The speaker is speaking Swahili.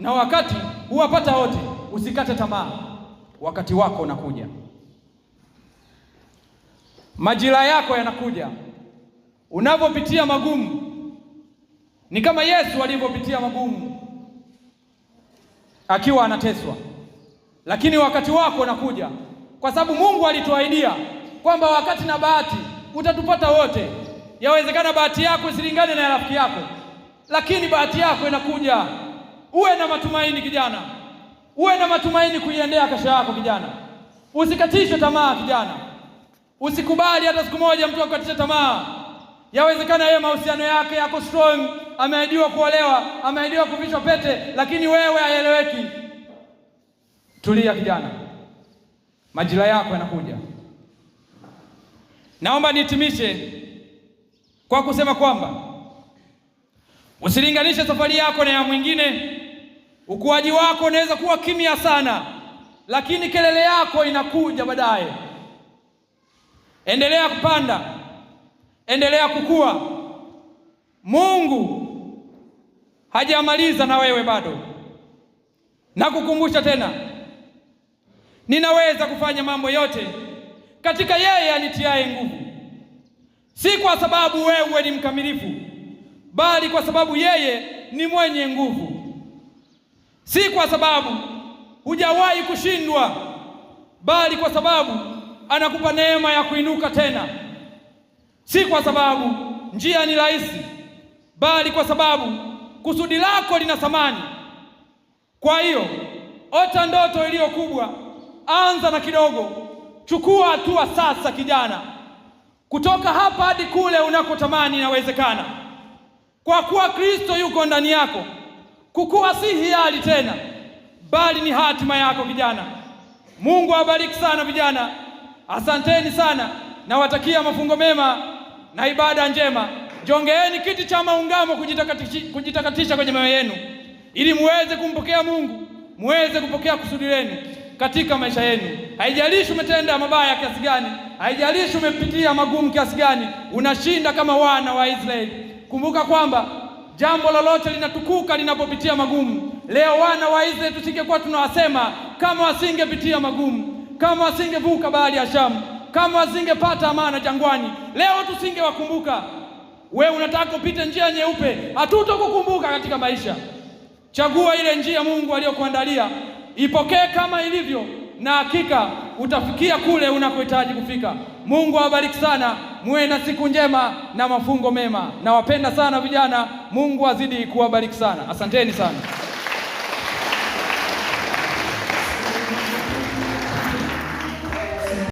na wakati huwapata wote. Usikate tamaa, wakati wako unakuja, majira yako yanakuja. Unavyopitia magumu ni kama Yesu alivyopitia magumu akiwa anateswa, lakini wakati wako unakuja, kwa sababu Mungu alituahidia kwamba wakati na bahati utatupata wote. Yawezekana bahati yako isilingane na ya rafiki yako, lakini bahati yako inakuja. Uwe na matumaini kijana, uwe na matumaini kuiendea kesho yako kijana, usikatishwe tamaa kijana, usikubali hata siku moja mtu akukatisha tamaa. Yawezekana yeye mahusiano yake yako strong, ameahidiwa kuolewa, ameahidiwa kuvishwa pete, lakini wewe haieleweki. Tulia kijana, majira yako yanakuja. Naomba nihitimishe kwa kusema kwamba usilinganishe safari yako na ya mwingine Ukuaji wako unaweza kuwa kimya sana, lakini kelele yako inakuja baadaye. Endelea kupanda, endelea kukua. Mungu hajamaliza na wewe bado. Nakukumbusha tena, ninaweza kufanya mambo yote katika yeye anitiaye nguvu. Si kwa sababu wewe ni mkamilifu, bali kwa sababu yeye ni mwenye nguvu si kwa sababu hujawahi kushindwa, bali kwa sababu anakupa neema ya kuinuka tena. Si kwa sababu njia ni rahisi, bali kwa sababu kusudi lako lina thamani. Kwa hiyo ota ndoto iliyo kubwa, anza na kidogo, chukua hatua sasa, kijana. Kutoka hapa hadi kule unakotamani inawezekana, kwa kuwa Kristo yuko ndani yako. Kukua si hiari tena, bali ni hatima yako vijana Mungu awabariki sana vijana, asanteni sana, nawatakia mafungo mema na ibada njema. Jongeeni kiti cha maungamo kujitakatisha, kujitakatisha kwenye mioyo yenu ili muweze kumpokea Mungu, muweze kupokea kusudi lenu katika maisha yenu. Haijalishi umetenda mabaya kiasi gani, haijalishi umepitia magumu kiasi gani, unashinda kama wana wa Israeli. Kumbuka kwamba Jambo lolote linatukuka linapopitia magumu. Leo wana wa Israeli tusingekuwa tunawasema kama wasingepitia magumu, kama wasingevuka bahari ya Shamu, kama wasingepata amana jangwani, leo tusingewakumbuka. We unataka upite njia nyeupe, hatutokukumbuka katika maisha. Chagua ile njia Mungu aliyokuandalia, ipokee kama ilivyo, na hakika utafikia kule unakohitaji kufika. Mungu awabariki sana, muwe na siku njema na mafungo mema. Nawapenda sana vijana, Mungu azidi kuwabariki sana. Asanteni sana.